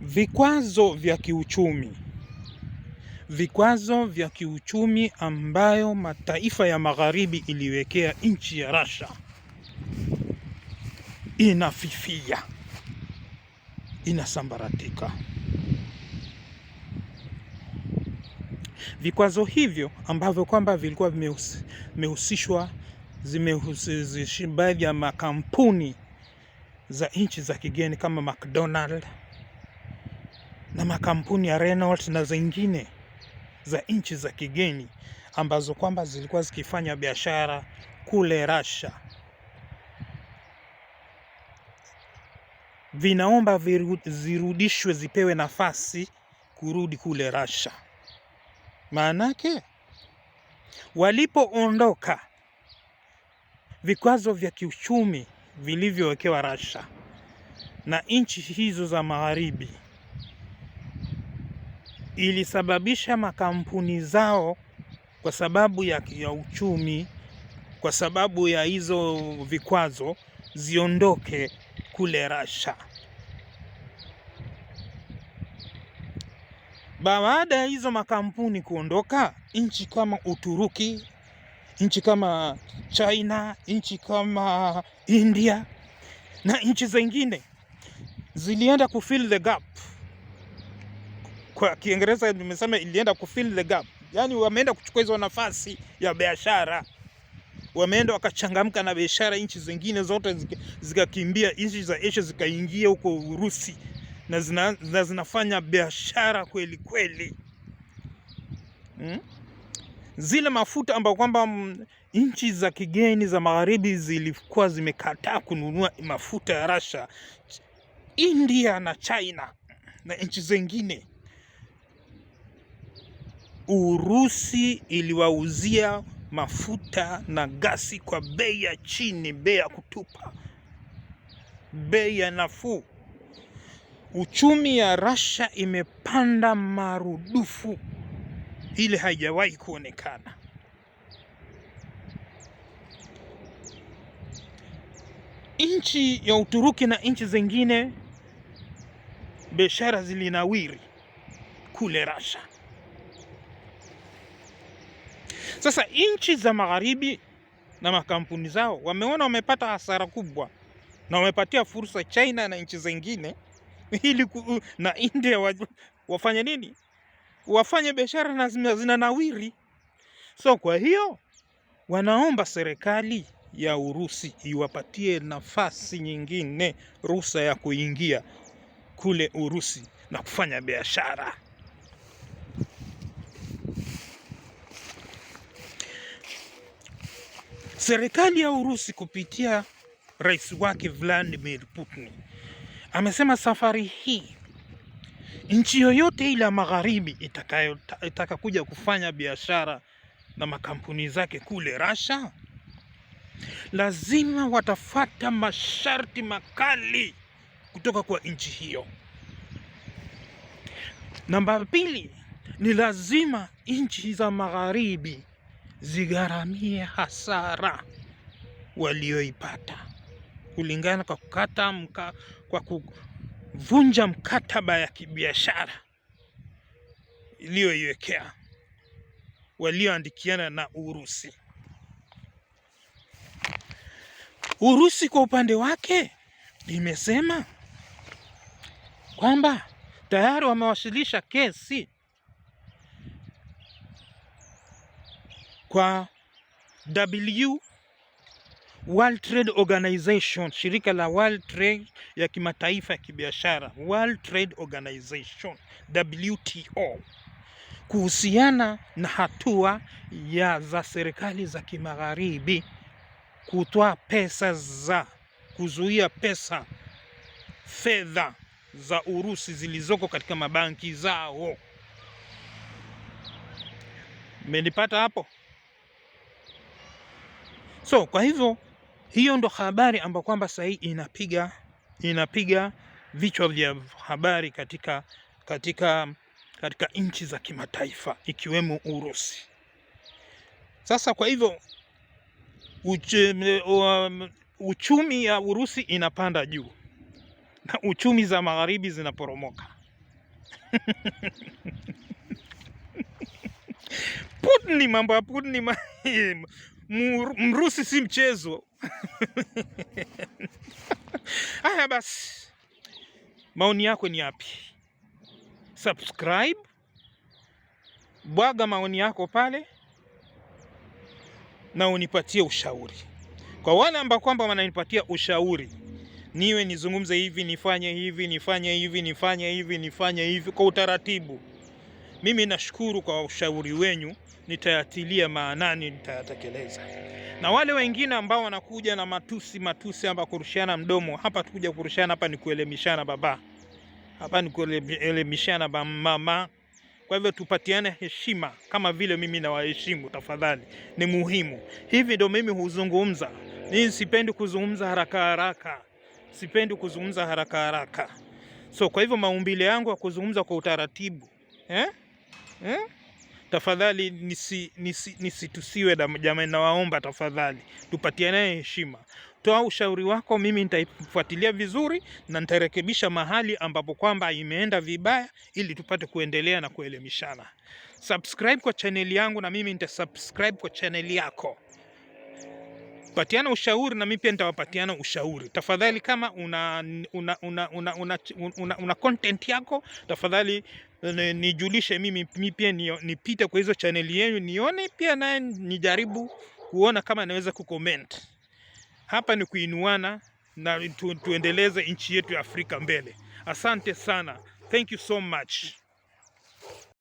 Vikwazo vya kiuchumi. Vikwazo vya kiuchumi ambayo mataifa ya magharibi iliwekea nchi ya Russia inafifia, inasambaratika. Vikwazo hivyo ambavyo kwamba vilikuwa vimehusishwa zimehusishwa baadhi ya makampuni za nchi za kigeni kama McDonald's na makampuni ya Renault na zingine za nchi za kigeni ambazo kwamba zilikuwa zikifanya biashara kule Russia, vinaomba zirudishwe zipewe nafasi kurudi kule Russia. Maanake walipoondoka vikwazo vya kiuchumi vilivyowekewa Russia na nchi hizo za magharibi ilisababisha makampuni zao kwa sababu ya, ya uchumi kwa sababu ya hizo vikwazo ziondoke kule Russia. Baada ya hizo makampuni kuondoka, nchi kama Uturuki, nchi kama China, nchi kama India na nchi zingine zilienda kufill the gap kwa Kiingereza nimesema ilienda kufill the gap, yani wameenda kuchukua hizo nafasi ya biashara, wameenda wakachangamka na biashara. Nchi zingine zote zikakimbia, zika nchi za Asia zikaingia huko Urusi na, zina, na zinafanya biashara kweli kweli hmm? Zile mafuta ambayo kwamba mm, nchi za kigeni za magharibi zilikuwa zimekataa kununua mafuta ya Russia, India na China na nchi zingine Urusi iliwauzia mafuta na gasi kwa bei ya chini, bei ya kutupa, bei ya nafuu. Uchumi ya Russia imepanda marudufu, ile haijawahi kuonekana. Nchi ya Uturuki na nchi zingine biashara zilinawiri kule Russia. Sasa nchi za magharibi na makampuni zao wameona wamepata hasara kubwa na wamepatia fursa China na nchi zingine ili na India wa, wafanye nini? Wafanye biashara na zina nawiri. So kwa hiyo wanaomba serikali ya Urusi iwapatie nafasi nyingine, ruhusa ya kuingia kule Urusi na kufanya biashara. Serikali ya Urusi kupitia rais wake Vladimir Putin amesema safari hii nchi yoyote ile ya magharibi itakayotaka kuja kufanya biashara na makampuni zake kule Russia lazima watafata masharti makali kutoka kwa nchi hiyo. Namba pili, ni lazima nchi za magharibi zigharamie hasara walioipata kulingana kwa kukata mka, kwa kuvunja mkataba ya kibiashara iliyoiwekea walioandikiana na Urusi. Urusi kwa upande wake imesema kwamba tayari wamewasilisha kesi kwa W World Trade Organization, shirika la World Trade ya kimataifa ya kibiashara, World Trade Organization WTO, kuhusiana na hatua ya za serikali za kimagharibi kutoa pesa za kuzuia pesa fedha za Urusi zilizoko katika mabanki zao. Mmenipata hapo? So kwa hivyo hiyo ndo habari ambayo kwamba sasa hii inapiga inapiga vichwa vya habari katika, katika, katika nchi za kimataifa ikiwemo Urusi. Sasa kwa hivyo uchumi ya Urusi inapanda juu na uchumi za magharibi zinaporomoka. Putin, mambo ya Putin Mrusi si mchezo. Haya basi, maoni yako ni yapi? Subscribe, bwaga maoni yako pale na unipatie ushauri. Kwa wale ambao kwamba wananipatia ushauri niwe nizungumze hivi, nifanye hivi, nifanye hivi, nifanye hivi, nifanye hivi kwa utaratibu. Mimi nashukuru kwa ushauri wenyu, nitayatilia maanani, nitayatekeleza. Na wale wengine ambao wanakuja na matusi matusi, hapa kurushiana mdomo, hapa tukuja kurushiana hapa, ni kuelemishana baba, hapa ni kuelimishana mama. Kwa hivyo tupatiane heshima kama vile mimi nawaheshimu, tafadhali, ni muhimu. Hivi ndio mimi huzungumza. ni sipendi kuzungumza haraka haraka, sipendi kuzungumza haraka haraka. So kwa hivyo maumbile yangu ya kuzungumza kwa utaratibu eh? Hmm? Tafadhali nisi, nisi, nisi jamani, nawaomba tafadhali tupatie naye heshima. Toa ushauri wako, mimi nitaifuatilia vizuri na nitarekebisha mahali ambapo kwamba imeenda vibaya, ili tupate kuendelea na kuelimishana. Subscribe kwa chaneli yangu na mimi nitasubscribe kwa chaneli yako. Patiana ushauri na mimi pia nitawapatiana ushauri. Tafadhali kama una, una, una, una, una, una, una, una content yako tafadhali nijulishe mimi, mi pia nipite kwa hizo chaneli yenu nione pia naye nijaribu kuona kama naweza kucomment. Hapa ni kuinuana na tu, tuendeleze nchi yetu ya Afrika mbele. Asante sana. Thank you so much.